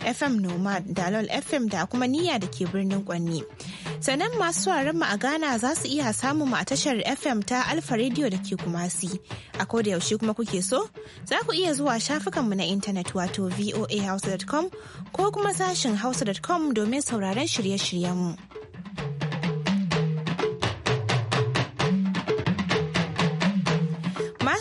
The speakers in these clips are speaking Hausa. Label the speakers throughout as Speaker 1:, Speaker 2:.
Speaker 1: FM Nomad, Lol FM da kuma Niyya da ke birnin Kwanni. sanan masu mu a Ghana za su iya samun mu a tashar FM ta Alfa Radio da ke Kumasi. A koda yaushe kuma kuke so, za ku iya zuwa shafukanmu na intanet wato voahouse.com ko kuma sashin hausa.com domin sauraron shirye-shiryenmu.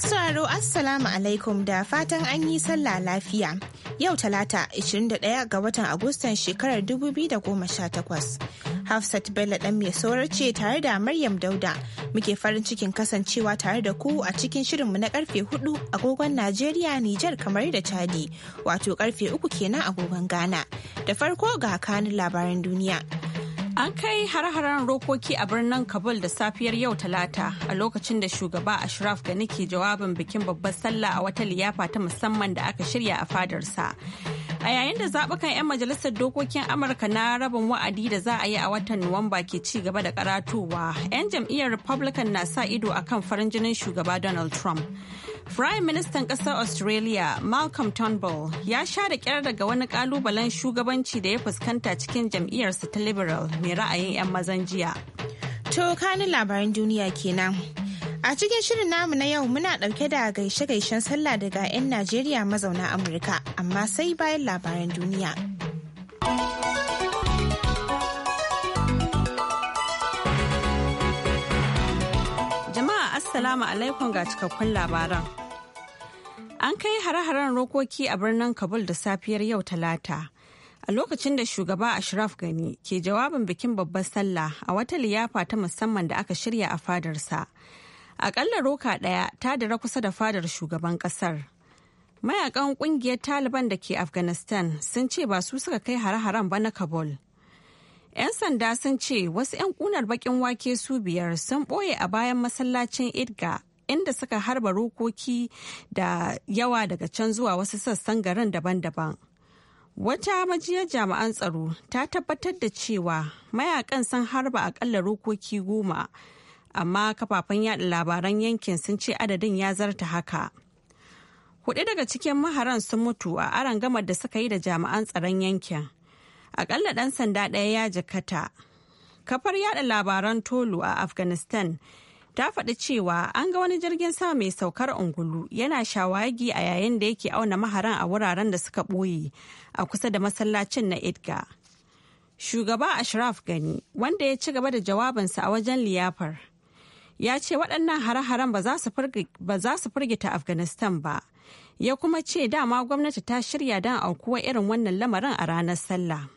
Speaker 1: Masu Assalamu alaikum da fatan an yi sallah lafiya. Yau talata 21 ga watan Agustan shekarar 2018. Hafsat Bello ɗan mai saurar ce tare da Maryam Dauda muke farin cikin kasancewa tare da ku a cikin shirinmu na karfe 4 agogon Najeriya Nijar kamar da Chadi wato
Speaker 2: karfe 3 kenan agogon Ghana. Da farko
Speaker 1: ga kanin labaran duniya.
Speaker 2: An kai har-haren rokoki a birnin Kabul da safiyar yau Talata a lokacin da shugaba Ashraf Gani ke jawabin bikin babbar sallah a wata liyafa ta musamman da aka shirya a fadarsa. A yayin da zaɓukan 'yan majalisar dokokin Amurka na rabin wa'adi da za a yi a watan Nuwamba ke ci gaba da karatowa, 'yan jam'iyyar Republican na sa ido akan farin jinin shugaba Donald Trump. Prime Ministan ƙasar Australia Malcolm Turnbull ya sha da kyar daga wani ƙalubalen shugabanci da ya fuskanta cikin jam'iyyarsa ta Liberal mai ra'ayin 'yan mazan jiya.
Speaker 1: To kanin labaran duniya
Speaker 2: kenan. A cikin
Speaker 1: shirin namu na yau muna ɗauke da gaishe-gaishen sallah daga 'yan Najeriya mazauna Amurka, amma sai
Speaker 2: bayan labaran duniya. Assalamu alaikum ga cikakkun labaran. An kai hare-haren rokoki a birnin Kabul da safiyar yau Talata. A lokacin da shugaba Ashraf Gani ke jawabin bikin babbar sallah a wata liyafa ta musamman da aka shirya a fadarsa. Akalla roka ɗaya ta dira kusa da fadar shugaban ƙasar. Mayakan ƙungiyar Taliban da ke Afghanistan sun ce ba su suka kai hare-haren ba na Kabul. 'Yan sanda sun ce wasu 'yan kunar bakin wake su biyar sun ɓoye a bayan masallacin Idga inda suka harba rokoki da yawa daga can zuwa wasu sassan garin daban-daban. Wata majiyar jami'an tsaro ta tabbatar da cewa mayakan sun harba akalla rokoki goma, amma kafafen yada labaran yankin sun ce adadin ya zarta haka. Hudu daga cikin maharan sun mutu a aron gamar da suka yi da jami'an tsaron yankin. akalla ɗan sanda ɗaya ya jakata. Kafar yada labaran tolu a Afghanistan ta faɗi cewa an ga wani jirgin sama mai saukar ungulu yana shawagi a yayin da yake auna maharan a wuraren da suka ɓoye a kusa da masallacin na Idga. Shugaba Ashraf Gani, wanda ya ci gaba da jawabinsa a wajen liyafar, ya ce waɗannan hare-haren ba za su firgita Afghanistan ba. ya kuma ce dama gwamnati ta shirya don aukuwa irin wannan lamarin a ranar sallah.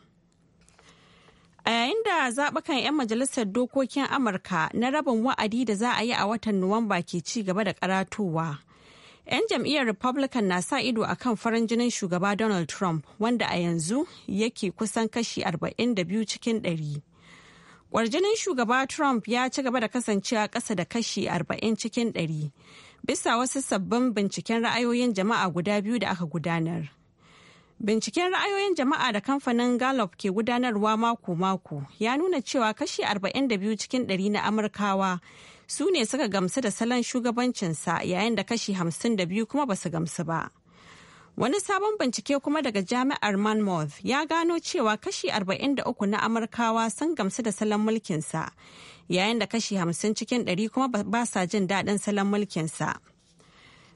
Speaker 2: A yayin da zaɓukan 'yan majalisar dokokin Amurka na rabin wa'adi da za a yi a watan Nuwamba ke ci gaba da karatowa. 'Yan jam'iyyar Republican na sa ido a kan farin jinin shugaba Donald Trump wanda a yanzu yake kusan kashi 42 cikin 100. Kwarjinin shugaba Trump ya ci gaba da kasancewa ƙasa da kashi 40 cikin 100 bisa wasu sabbin binciken ra'ayoyin jama'a guda biyu da aka gudanar. Binciken ra'ayoyin jama'a da kamfanin Gallup ke gudanarwa mako-mako ya nuna cewa kashi 42 cikin 100 na Amurkawa su ne suka gamsu da salon shugabancinsa yayin da kashi 52 kuma basu gamsu ba. Wani sabon bincike kuma daga jami'ar Monmouth ya gano cewa kashi 43 na Amurkawa sun gamsu da salon mulkinsa yayin da kashi 50 cikin 100 kuma ba sa jin daɗin salon mulkinsa.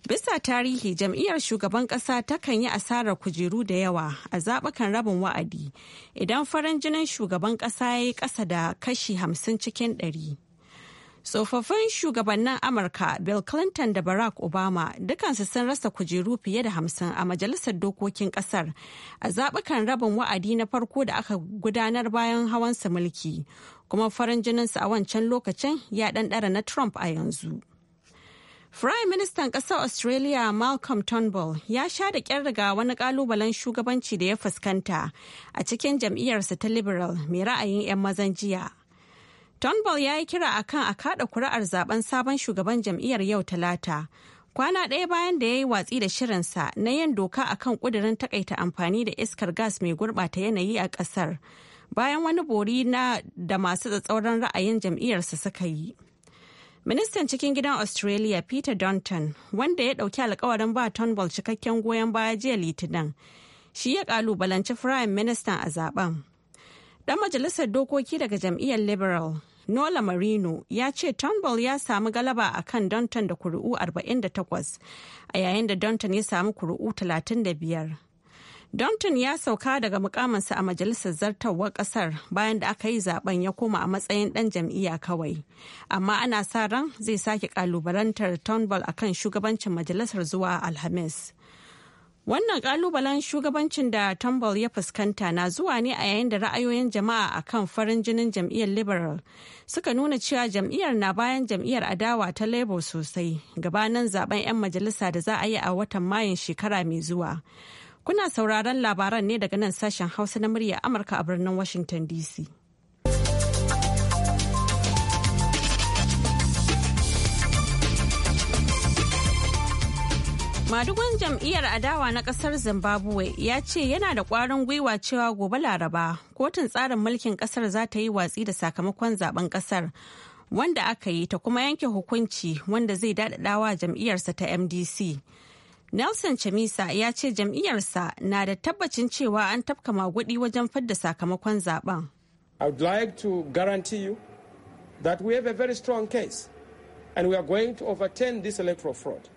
Speaker 2: Bisa tarihi jam'iyyar shugaban ƙasa takan yi asarar kujeru da yawa a zaɓukan rabin wa'adi idan farin jinin shugaban ƙasa ya yi ƙasa da kashi hamsin cikin ɗari. Tsofaffin shugabannin Amurka Bill Clinton da Barack Obama dukansu sun rasa kujeru fiye da hamsin a majalisar dokokin ƙasar a zaɓukan rabin wa'adi na farko da aka gudanar bayan hawansa mulki kuma farin jininsu a wancan lokacin ya ɗanɗara na Trump a yanzu. Prime Ministan ƙasar Australia Malcolm Turnbull ya sha da ƙyar daga wani ƙalubalen shugabanci da ya fuskanta a cikin jam'iyyarsa ta Liberal mai ra'ayin 'yan mazan jiya. Turnbull ya yi kira akan a kaɗa kuri'ar zaben sabon shugaban jam'iyyar yau talata. Kwana ɗaya bayan da ya yi watsi da shirinsa na yin doka a kan ƙudurin taƙaita amfani da iskar gas mai gurɓata yanayi a ƙasar. Bayan wani bori na da masu tsatsauran ra'ayin jam'iyyarsa suka yi. Ministan cikin gidan Australia Peter Dunton, wanda ya ɗauki alkawarin ba Turnbull cikakken goyon baya jiya Litinin, shi ya kalubalanci Prime Ministan a zaben. Ɗan majalisar dokoki daga jam'iyyar Liberal, Nola Marino, ya ce Turnbull ya samu galaba a kan Dunton da kuri'u 48, a yayin da Dunton ya samu kuri'u 35. Dompton ya sauka daga mukaminsa a majalisar zartarwar kasar bayan da aka yi zaben ya koma a matsayin dan jam'iyya kawai. Amma ana sa ran zai sake kalubalantar Turnbull a kan shugabancin majalisar zuwa Alhamis. Wannan kalubalen shugabancin da Turnbull ya fuskanta na zuwa ne a yayin da ra'ayoyin jama'a a kan farin jinin jam'iyyar Liberal suka nuna cewa jam'iyyar na bayan jam'iyyar adawa ta Labour sosai gabanin zaben 'yan majalisa da za a yi a watan Mayun shekara mai zuwa. Kuna sauraron labaran ne daga nan sashen Hausa na murya Amurka a birnin Washington DC. Madugun jam'iyyar adawa na kasar Zimbabwe ya ce yana da kwarin gwiwa cewa gobe Laraba kotun tsarin mulkin kasar za ta yi watsi da sakamakon zaben kasar wanda aka yi ta kuma yanke hukunci wanda zai daɗaɗawa jam'iyyarsa ta MDC. Nelson Chamisa ya ce jam'iyyarsa na da tabbacin cewa an tafka magudi wajen fadda sakamakon zaben.
Speaker 3: I would like to guarantee you that we have a very strong case and we are going to overturn this electoral fraud.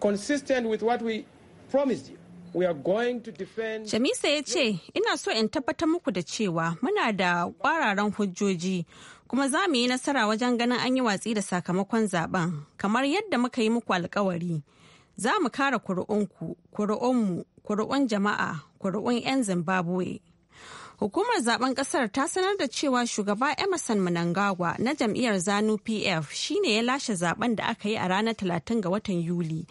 Speaker 2: Consistent with what we promised you, we are going
Speaker 3: to defend...
Speaker 2: Chamisa ya ce, ina so in tabbatar muku da cewa muna da kwararan hujjoji kuma za mu yi nasara wajen ganin an yi watsi da sakamakon zaben kamar yadda muka yi muku alkawari. za mu kara kuri'unku kuri'unmu kuri'un jama'a kuri'un 'yan zimbabwe hukumar zaben kasar ta sanar da cewa shugaba emerson Mnangagwa na jam'iyyar zanu pf shine ya lashe zaben da aka yi a ranar 30 ga watan yuli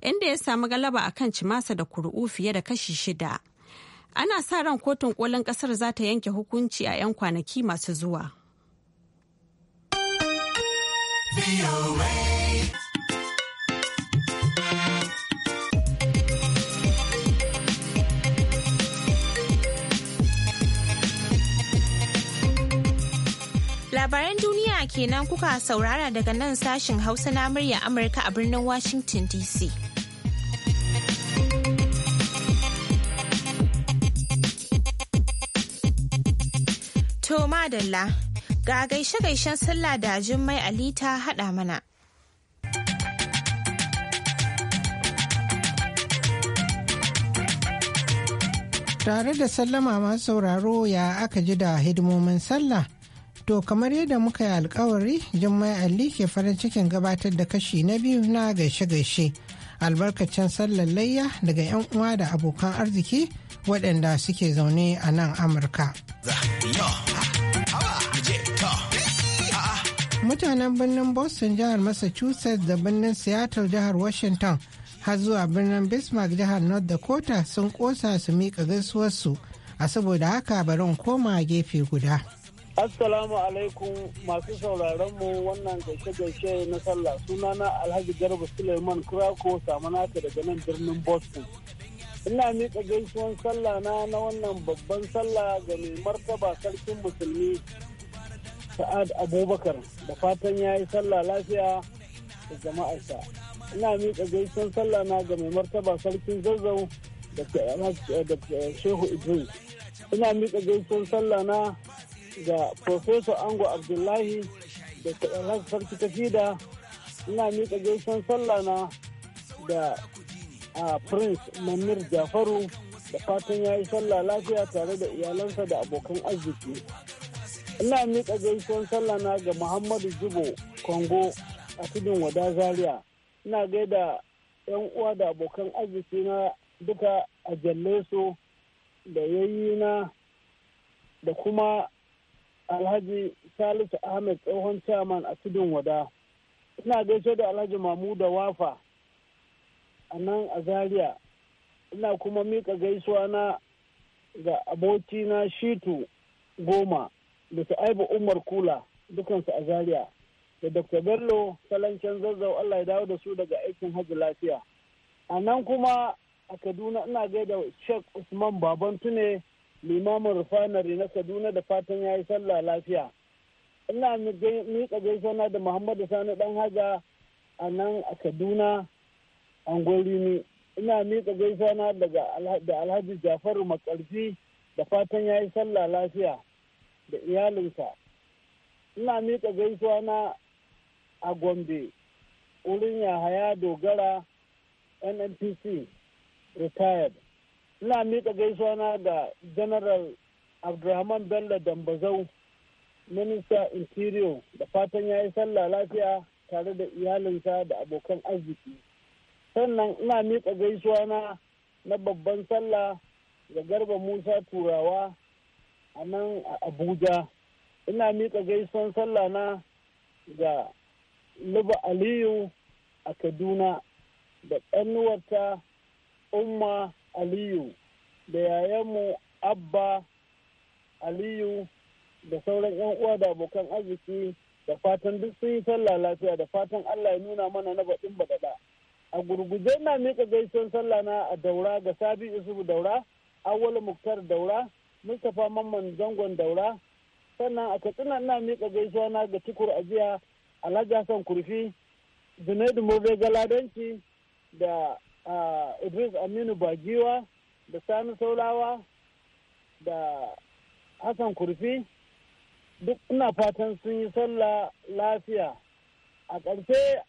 Speaker 2: inda ya samu galaba a kan cimasa da kuri'u fiye da kashi shida ana sa ran kotun kolin kasar za ta yanke hukunci a 'yan kwanaki masu zuwa.
Speaker 1: Labaran duniya kenan kuka saurara daga nan sashin Hausa na murya Amurka a birnin Washington DC. To madalla ga gaishe-gaishen sallah da Jummai Ali ta haɗa mana.
Speaker 4: Tare da sallama masu sauraro ya aka ji da hidimomin sallah To kamar yadda muka yi alkawari Jummai Ali ke farin cikin gabatar da kashi na biyu na gaishe-gaishe albarkacin sallar layya daga 'yan uwa da abokan arziki waɗanda suke zaune a nan Amurka. Mutanen birnin Boston jihar Massachusetts da birnin Seattle jihar Washington har zuwa birnin Bismarck jihar North Dakota sun ƙosa su miƙa gaisuwarsu a saboda haka bari koma gefe guda.
Speaker 5: Assalamu alaikum masu sauraron mu wannan gaishe-gaishe na sallah sunana Alhaji Garba Suleiman Kurako samanaka daga nan birnin Boston. Ina miƙa gaisuwan sallah na na wannan babban sallah ga mai martaba sarkin musulmi Sa'ad Abubakar da fatan ya yi sallah lafiya da jama'arsa. Ina miƙa gaisuwan sallah na ga mai martaba sarkin zazzau da Shehu Idris. Ina miƙa gaisuwan sallah na ga profesa Ango Abdullahi da Kaɗan Sarki Tafida ina miƙa gaisuwan sallah na da Prince Mamir Jafaru da fatan ya yi sallah lafiya tare da iyalansa da abokan arziki. Ina miƙa gaisuwan sallah na ga Muhammadu Jibo Kongo a tudun wada Zaria. Ina gaida 'yan uwa da abokan arziki na duka a su da na da kuma alhaji salisu ahmed tsohon chairman a tudun wada ina gaishe da alhaji mamuda wafa a nan a zaria ina kuma mika gaisuwa na ga na shitu goma da su aibu umar kula dukansu a zaria da dr bello salancen zazzau allah ya dawo da su daga aikin hajji lafiya a nan kuma a kaduna ina gaida sheikh usman babantune ne. limamin rufanari na kaduna da fatan ya yi sallah lafiya ina miƙa gaisuwa da muhammadu sani dan haja a nan a kaduna angolini ina miƙa gaisuwa daga da alhaji jafaru makarfi da fatan ya yi sallah lafiya da iyalinsa ina miƙa gaisuwa na a gombe wurin yahaya dogara nnpc retired ina miƙa gaisuwa na da general abdulrahman bello dambazau minista interior da fatan ya yi sallah lafiya tare da iyalinsa da abokan arziki sannan ina miƙa gaisuwa na na babban sallah ga garba musa turawa a nan a abuja ina miƙa gaisuwan sallah na ga luba aliyu a kaduna da ƙannuwarta umma aliyu da yayanmu abba aliyu da sauran 'yan uwa da abokan arziki da fatan duk sun yi sallah lafiya da fatan allah ya nuna mana na baɗin baɗaɗa a gurguje na miƙa gaison sallah na a daura ga sabi isubu daura awwal muktar daura mustapha mamman zangon daura sannan a katsina na miƙa gaisuwa na ga tukur ajiya alhaji hassan kurfi junaidu mobe galadanci da Uh, idris aminu bagiwa da sani saulawa da hassan kurfi duk ina fatan sun yi sallah lafiya a ƙarshe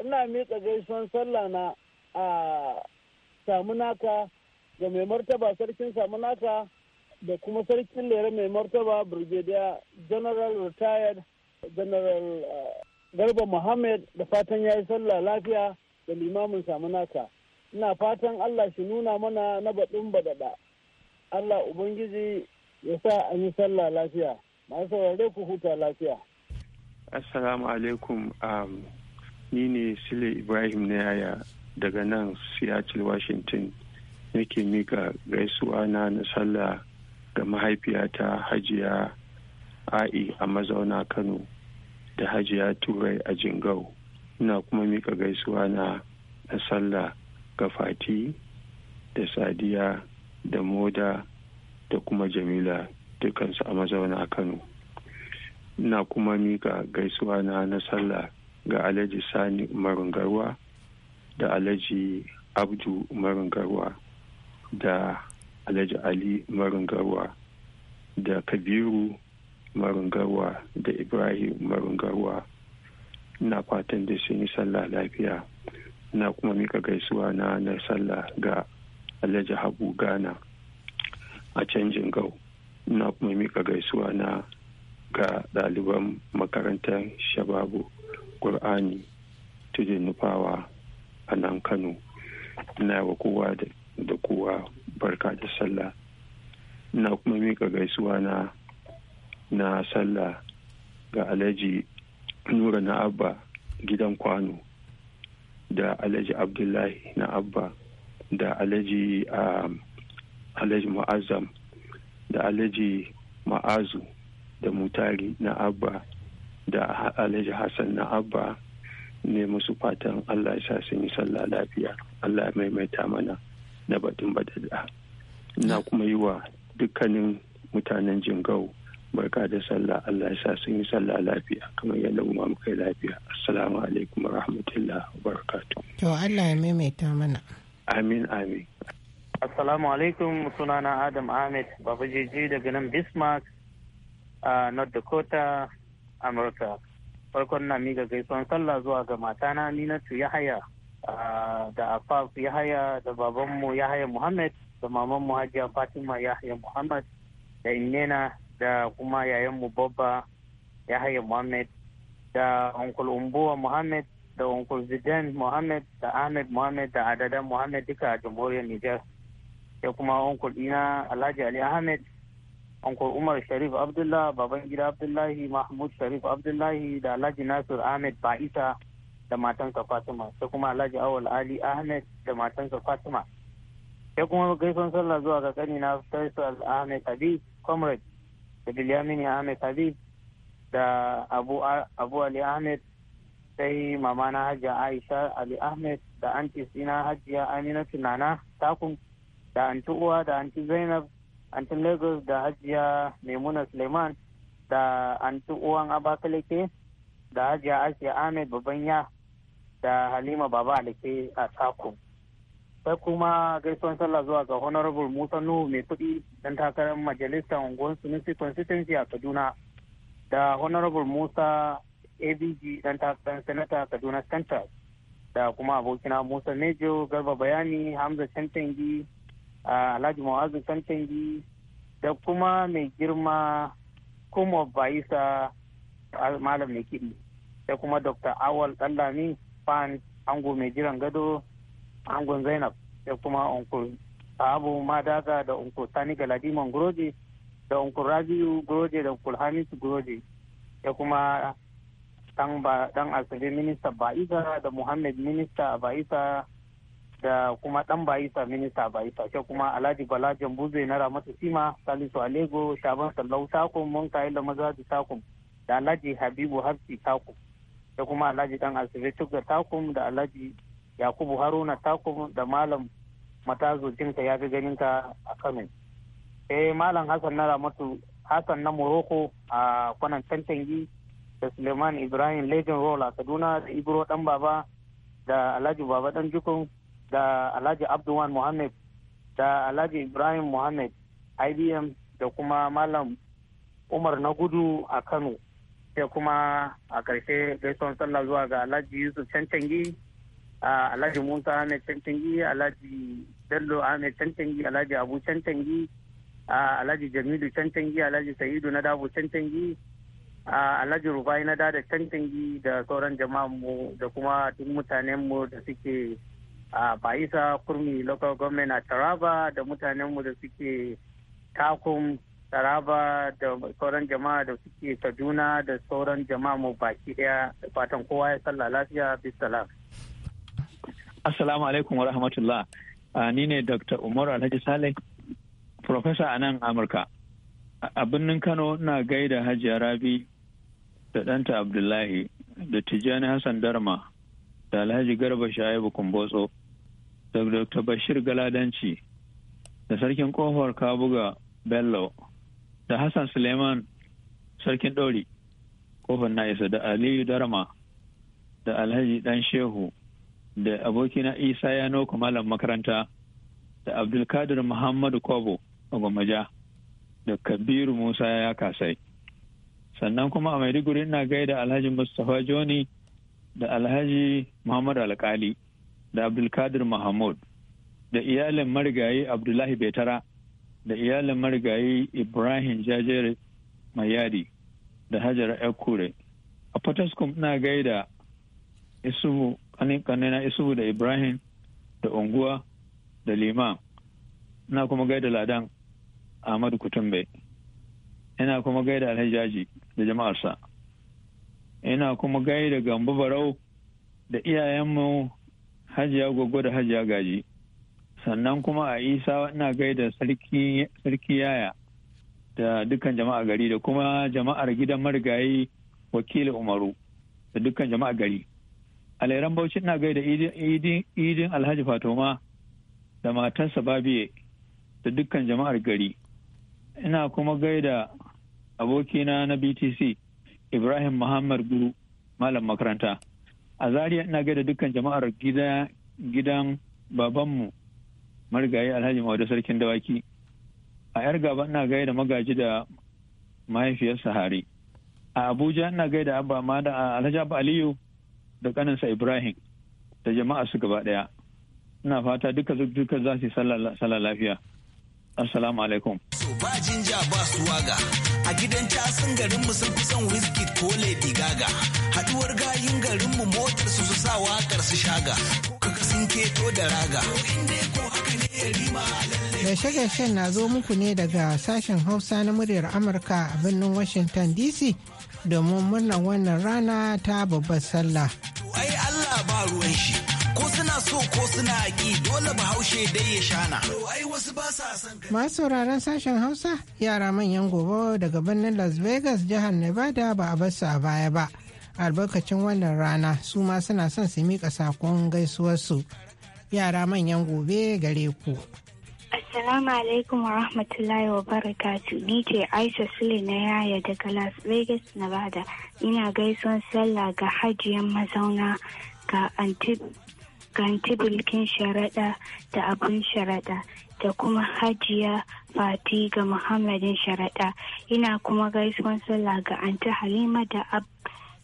Speaker 5: ina miƙa gaisuwan sallah na a naka ga mai martaba sarkin samu naka da kuma sarkin lera mai martaba brigadier general retired general uh, garba muhammad da fatan ya yi sallah lafiya da limamin samu naka. ina fatan Allah shi nuna mana na baɗin baɗaɗa Allah Ubangiji ya sa an yi sallah lafiya masu saurare ku huta lafiya
Speaker 6: Assalamu alaikum um, ni ne Sile Ibrahim na yaya daga nan Seattle Washington nake mika gaisuwa na na sallah ga mahaifiyata hajiya a'i a mazauna kano da hajiya turai a jingau ina kuma mika gaisuwa na na sallah ga fati da sadiya da moda da kuma jamila dukansu a mazauna kano na kuma mika gaisuwa na na sallah ga alhaji sani umarin garwa da alhaji abdu umarin garwa da alhaji ali umarin garwa da kabiru umarin garwa da ibrahim umarin garwa na fatan da sun yi sallah lafiya na kuma mika gaisuwa na na sallah ga alhaji habu ghana a canjin gau na kuma mika gaisuwa na ga ɗaliban makarantar shababu ƙur'ani tudun nufawa a nan kano na wa kowa da kowa barka da sallah na kuma mika gaisuwa na na sallah ga alhaji nura na abba gidan kwano da alhaji abdullahi na abba da alhaji um, alhaji mu'azzam da alhaji ma'azu da mutari na abba da alhaji hassan na abba ne musu fatan allah ya sa sun yi sallah lafiya allah ya maimaita mana na batun badada na kuma yi wa dukkanin mutanen jingau barka da sallah allah ya sa sun yi sallah lafiya kamar yadda umar muka lafiya assalamu alaikum rahmatullahi
Speaker 4: To Allah ya maimaita mana.
Speaker 6: Amin amin. Assalamu alaikum sunana
Speaker 7: Adam Ahmed jeje daga nan Bismarck a North Dakota, Amurka. Farkon na miga gaisuwan sallah zuwa ga matana tu Yahaya da Afaf Yahaya da babanmu Yahaya Muhammad da mamanmu Hajiya Fatima Yahaya Muhammad da Innena da kuma yayanmu Babba Yahaya Muhammad da Uncle Umbuwa Muhammad da uncle Zidane Mohammed da Ahmed Mohammed da Adadan Mohammed duka a jamhuriyar Nijar. Sai kuma uncle ɗina Alhaji Ali Ahmed, Unkul Umar Sharif Abdullah, Babangida Abdullahi, Mahmud Sharif Abdullahi da Alhaji Nasir Ahmed Ba'isa da matansa Fatima. Sai kuma Alhaji Awal Ali Ahmed da matansa Fatima. Sai kuma gaifin sallah zuwa ga kanina Faisal Ahmed Habib, Comrade da Bilyamini Ahmed Habib da Abu Ali Ahmed sai mama na hajiya aisha ali ahmed da anti sina hajiya amina tunana takun da anti uwa da anti zainab anti lagos da hajiya maimuna suleiman da anti uwan Abakaleke da hajiya asiya ahmed babban ya da halima baba alike a takun sai kuma gaisuwan sallah zuwa ga honorable musa nuhu mai kuɗi dan takarar majalisar unguwar sunusi constituency a kaduna da honorable musa abg dan takarar sanata kaduna central da kuma abokina musa nejo garba bayani hamza cancangi alhaji mawazin santangi da kuma mai girma kuma baisa malam mai kiɗi da kuma dr awal ɗallami fan ango mai jiran gado angon zainab da kuma onkul abu madaga da onkul sani galadiman guroje da onkul rabiu guroje da onkul hamisu guroje da kuma dan asabe minista ba'isa da muhammad minista ba'isa da kuma dan ba'isa minista ba'isa sai kuma alhaji bala jambuze na ramatu sima salisu alego shaban sallau takum mun kayi da da takum da alhaji habibu hafsi takum da kuma alhaji dan asabe tuga takum da alhaji yakubu haruna takum da malam matazo jinka ya fi ganin ka a kano eh malam hassan na ramatu hassan na morocco a kwanan Tantangi da suleiman ibrahim legin rola kaduna da ibro dan baba da alhaji baba dan jukun da alhaji abdulwan muhammad da alhaji ibrahim muhammad ibm da kuma malam umar na gudu a kano sai kuma a ƙarshe gaisuwan sallah zuwa ga alhaji yusuf cancangi alhaji musa ahmed cancangi alhaji bello ahmed cancangi alhaji abu cancangi alhaji jamilu cancangi alhaji sa'idu na dabo cancangi a alhaji Rufa'i na da tantangi da sauran jama'a mu da kuma duk mutanen mu da suke a baisa kurmi local government a taraba da mutanen da suke takum taraba da sauran jama'a da suke kaduna da sauran jama'a mu baki daya fatan kowa ya salla lafiya bisala
Speaker 8: assalamu alaikum wa rahmatullah ni ne dr umar alhaji saleh Professor a nan amurka a birnin kano na gaida hajiya rabi da ɗanta Abdullahi da Tijjani Hassan Darma da Alhaji Garba Shaibu Kumbotso da Dr. Bashir Galadanci da Sarkin Kofar Kabuga Bello da Hassan Suleiman Sarkin Ɗori Kofar Na'isa da Aliyu Darma da Alhaji Dan Shehu da abokina Isa ya Yano Malam makaranta da Abdulkadir Muhammadu Kwabo a Gwamaja da Kabiru Musa ya kasai. sannan kuma a maiduguri ina gaida alhaji mustapha joni da alhaji muhammad alkali da abdulkadir mahmud da iyalin marigayi abdullahi betara da iyalin marigayi ibrahim jajere mayadi da hajara yakure a potoskum ina gaida isubu kanina isubu da ibrahim da unguwa da liman ina kuma gaida ladan Ahmadu kutumbe ina kuma gaida alhaji da jama'arsa ina kuma gai da gambo barau da iyayenmu hajiya gwaggo da hajiya gaji sannan kuma a isa ina gai da sarki yaya da dukkan jama'a gari da kuma jama'ar gidan marigayi wakili umaru da dukkan jama'a gari a lairan bauchi ina gai da idin alhaji fatoma da matarsa babiye da dukkan jama'ar gari ina kuma gaida abokina na btc ibrahim muhammad guru malam makaranta a zariya ina gaida dukkan jama'ar gidan babanmu marigayi alhaji mawada sarkin dawaki a yar gaba ina gaida magaji da mahaifiyar sahari a abuja ina gaida abba da alhaji abba aliyu da kaninsa ibrahim da jama'a su gaba daya ina fata duka duka za su yi sallah lafiya assalamu alaikum
Speaker 9: to ba jinja ba suwaga a gidan tasin garinmu sun fi son whisky ko lady gaga haduwar gayin garin mu motar su sa wakar su shaga kaga sun keto da raga
Speaker 4: gaishe-gaishen na zo muku ne daga sashen hausa na muryar amurka a birnin washington dc domin murnar wannan rana ta babbar sallah
Speaker 9: ai allah ba ruwan shi ko suna so ko suna ki dole bahaushe dai ya shana.
Speaker 4: Masu sauraron sashen Hausa yara manyan gobe daga birnin Las Vegas jihar Nevada ba a basu a baya ba. Albarkacin wannan rana su ma suna son su miƙa sakon gaisuwarsu. Yara manyan gobe gare ku. Assalamu alaikum wa
Speaker 1: rahmatullahi wa barakatu. Ni Aisha Sule na yaya daga Las Vegas, Nevada. Ina gaisuwan sallah ga hajiyan mazauna ga Antib ganti bilkin sharaɗa da abun sharaɗa da kuma hajiya fati ga muhammadin sharaɗa ina kuma gaisuwan sallah ga anta halima da ab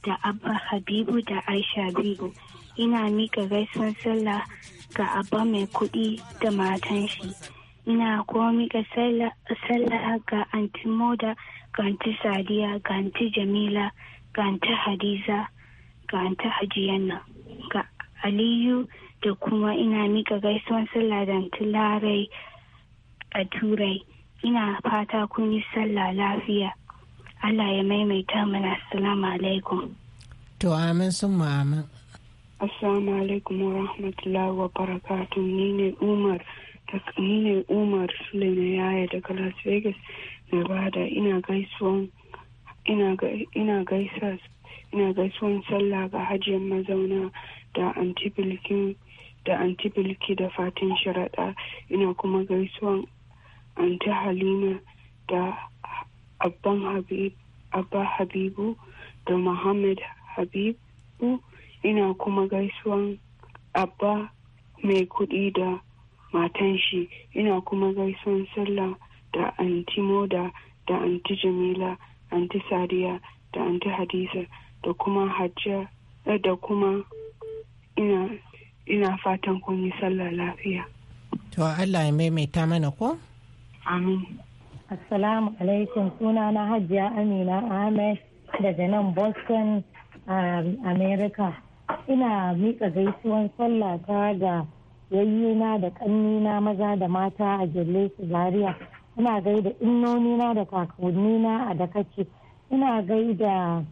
Speaker 1: da abba habibu da aisha habibu ina mika gaisuwan sallah ga abba mai kuɗi da matan shi ina kuma mika sallah ga anti moda ga anti sadiya ga anti jamila ga anti hadiza ga anti hajiyan nan aliyu da kuma ina mika gaisuwan sallah da tularai a turai ina fata kun yi sallah lafiya allah ya maimaita mana assalamu alaikum
Speaker 4: to amin sun amin
Speaker 1: assalamu alaikum wa rahmatullahi wa barakatu ni umar ni ne umar yaya daga las vegas nevada ina gaisuwan ina gaisuwan sallah ga hajiyar mazauna da antibilkin da antibilki da fatan sharaɗa ina kuma gaisuwan anti halima da abban habib abba habibu da muhammad habibu ina kuma gaisuwan abba mai kuɗi da matan shi ina kuma gaisuwan sallah da anti moda da anti jamila anti sadiya da anti hadiza da kuma hajja eh, da kuma ina ina
Speaker 10: fatan kun yi sallah lafiya to Allah ya maimaita mana ko amin assalamu alaikum suna na hajiya amina ahmed daga nan boston um, america ina miƙa gaisuwan sallah ta ga yayyuna da kannina maza da mata a gelle zaria ina gaida innonina da kakannina a dakaci ina gaida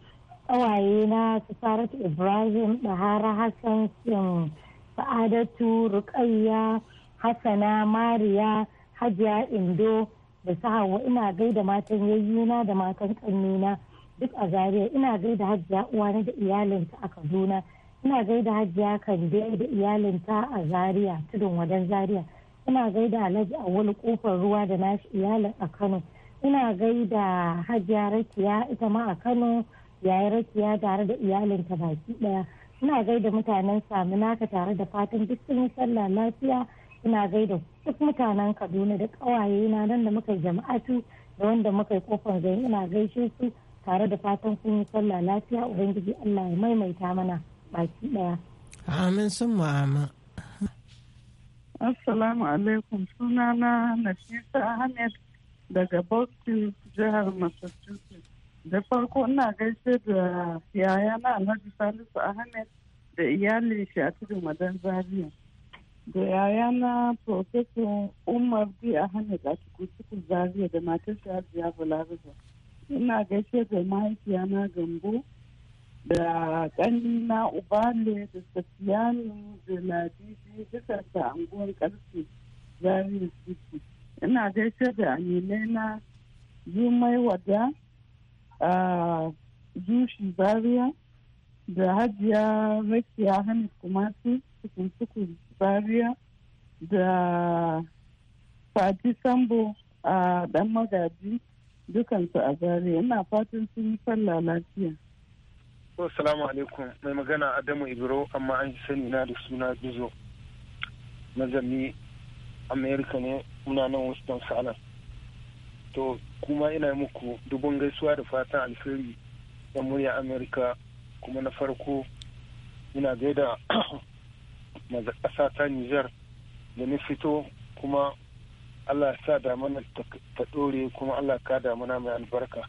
Speaker 10: kawaye na Saratu Ibrahim, Bahara Hassan, Sa'adatu, Rukayya, Hassana, Mariya, Hajiya Indo da Sahawa ina gaida matan yayyuna da matan kannina duk a Zaria ina gaida Hajiya uwana da iyalinta a Kaduna ina gaida Hajiya Kande da iyalinta a zariya tudun wadan zariya ina gaida Alhaji Awolu kofar ruwa da nashi iyalin a Kano ina gaida Hajiya Rakiya ita ma a Kano yayi rakiya tare da iyalinka baki daya suna gaida mutanen naka tare da fatan duk sun sallah lafiya suna gaida duk mutanen kaduna da kawaye na nan da muka jama'atu da wanda muka yi kofar gari ina gaishe su tare da fatan sun yi sallah lafiya ubangiji allah ya maimaita mana baki daya
Speaker 4: amin sun ma'ama
Speaker 10: assalamu alaikum sunana nafisa ahmed
Speaker 7: daga boston jihar massachusetts da farko ina gaishe da yayana alhaji salisu ahmed da iyalin shi a tudun madan zaria da yayana professor umar d ahmed a cikin zaria da matar shi hajiya balarabe ina gaishe da
Speaker 5: mahaifiyana gambo
Speaker 7: da na ubale da safiyanu da ladidi duka da anguwar karfe zaria city ina gaishe da amilena jumai wada a ah, zushi bariya da hajiya rakiya hannu kumasi cikin suku bariya da fati sambo a dan magaji dukansu a bariya ina fatan sun yi sallah lafiya
Speaker 3: Assalamu alaikum mai magana Adamu Ibro amma an sani na da suna Gizo na zami Amerika ne muna nan Western Salas. To kuma ina muku dubun gaisuwa da fatan alheri da murya amurka kuma na farko ina gaida maza ƙasa ta nijar da ni fito kuma allah ya sa damana ta ɗore kuma allah ka damana mai albarka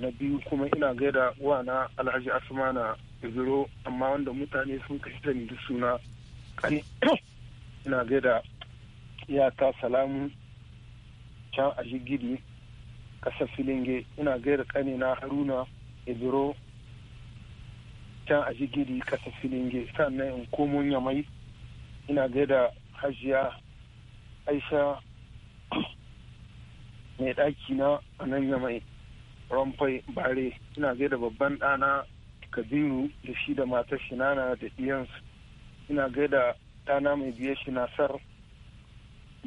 Speaker 3: na biyu kuma ina gaida wana alhaji asmana zuro amma wanda mutane sun kashi da suna kani ina gaida ta salamu can a jigiri kasa filinge ina gaira na haruna ibiro can a jigiri kasa filinge sannan in komo yamai ina gaida hajiya aisha mai ɗaki na a nan yamai ramfai bare ina gaida babban ɗana kabiru da shi da matar shinana da ɗiyansu ina gaida ɗana mai biye shi nasar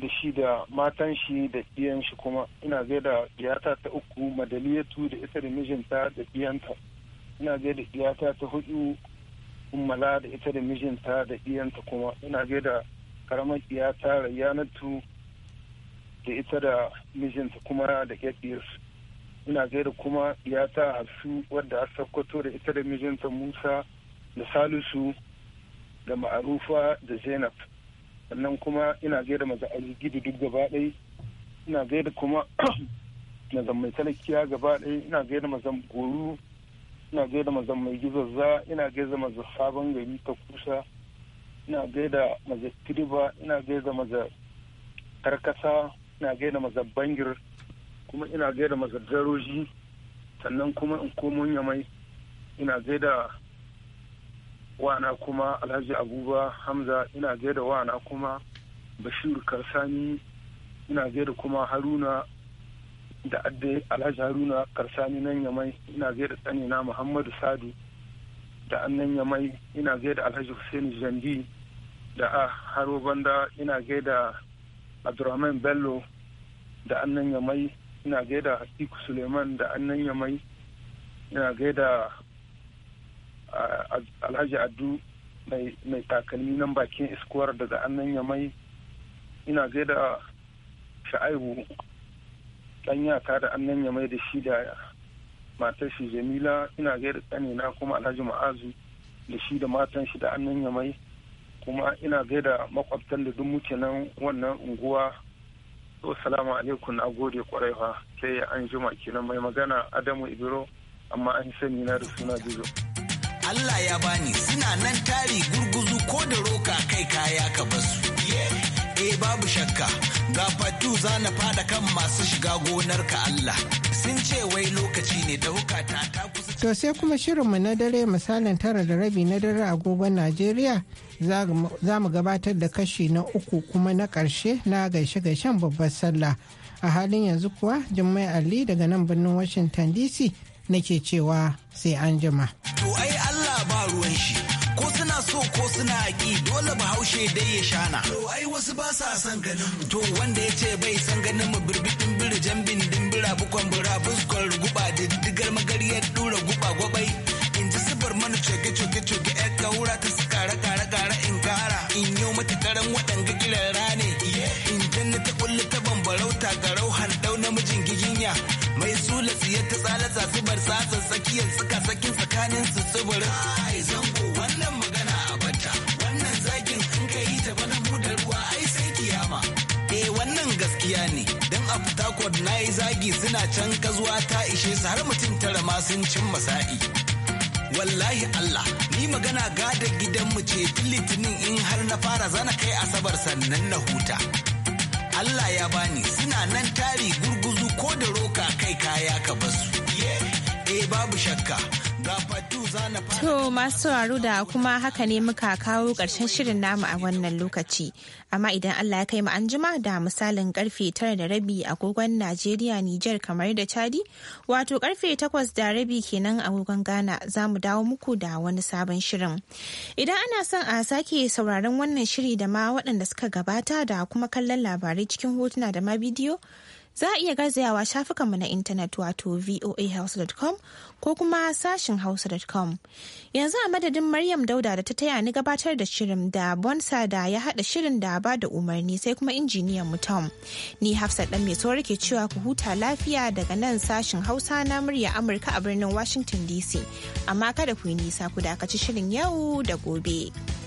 Speaker 3: da shi da matan shi da ɗiyan shi kuma ina da iyata ta uku madaliyatu da ita da mijinta da ɗiyanta ina da iyata ta hudu ummala da ita da mijinta da ɗiyanta kuma ina da karamar iyata rayyanatu da ita da mijinta kuma da ƙyaɗiyarsu ina da kuma a hafsu wadda a sakkwato da ita da mijinta musa da salisu da ma'arufa da zainab sannan kuma ina gaida maza gidi duk gaba ɗai ina gaida kuma mazan mai talakiya gaba ɗai ina gaida mazan goru ina gaida mazan mai gizazza ina gaida mazan sabon gari ta kusa ina gaida mazan tiriba ina gaida mazan karkasa ina gaida mazan bangir kuma ina gaida mazan daroji sannan kuma in komo yamai ina gaida wana kuma alhaji abuba hamza ina gaida wana kuma bashir karsani ina gaida kuma haruna da adde alhaji haruna karsani nan yamai ina gaida tsanina muhammadu sadu da annan yamai ina gaida alhaji hussein jandi da a haro banda ina gaida abdurrahman bello da annan yamai ina gaida hakiku suleiman da annan yamai ina gaida alhaji adu mai takalmi nan bakin iskuwar daga annan yamai ina gaida sha'aibu dan yata da annan yamai da shi da matar shi jamila ina gaida tsanina kuma alhaji ma'azu da shi da matan shi da annan yamai kuma ina gaida makwabtan da duk muke nan wannan unguwa salamu alaikum na gode kwarai fa sai an jima kenan mai magana adamu ibiro amma an sani na da suna bizo.
Speaker 9: Allah ya bani suna nan tari gurguzu ko da roka kai kaya ka basu. Eh babu shakka ga fatu za na fada kan masu shiga gonar ka Allah. Sun ce wai lokaci ne da ta ta
Speaker 4: kusa. To sai kuma shirinmu na dare misalin tara da rabi na dare agogon Najeriya za mu gabatar da kashi na uku kuma na karshe na gaishe-gaishen babbar sallah. a halin yanzu kuwa jummai ali daga nan birnin washington dc nake cewa sai an jima.
Speaker 9: ruwan shi ko suna so ko suna ki dole bahaushe dai ya shana to ai wasu ba sa san ganin to wanda ya ce bai san ganin mu birbiɗin birjan bindin bira bukon bura fuskon guba diddigar magariyar dura guba gwabai in ji sibar mana coke coke coke yan kaura ta su kare kare kare in kara in yau mata karan waɗanga kirara rane in janna ta kulle ta bambarau ta garau handau namijin giginya mai sula siyar ta tsala zasu bar tsakiyar suka sakin tsakanin su tsibirin gaskiya ne don aftakwad na yi zagi suna can kazuwa ta ishe su har mutum tara ma sun cin masa'i wallahi Allah ni magana gada mu ce tun litinin in har na fara zana kai asabar sannan na huta Allah ya bani suna nan tari gurguzu ko da roka kai kaya ka basu eh babu shakka
Speaker 1: To masu sauraro da kuma haka ne muka kawo ƙarshen shirin namu a wannan lokaci. Amma idan Allah ya kai mu anjima da misalin karfe tara da rabi agogon Najeriya Nijar kamar da Chadi, wato karfe takwas da rabi kenan agogon Ghana za mu dawo muku da wani sabon shirin. Idan ana son a sake sauraron wannan shiri da ma waɗanda suka gabata da kuma kallon labarai cikin hotuna da ma bidiyo, Za a iya shafukan shafukanmu na intanet wato voahouse.com ko kuma sashin hausa.com. Yanzu a madadin Maryam Dauda da ta taya ni gabatar da shirin da Bonsa da ya haɗa shirin da ba da umarni sai kuma injiniyan mutum, Ni Hafsa ɗan mai tsoro ke cewa ku huta lafiya daga nan sashin Hausa na murya Amurka a birnin Washington DC. Amma kada ku yi nisa ku dakaci shirin yau da gobe.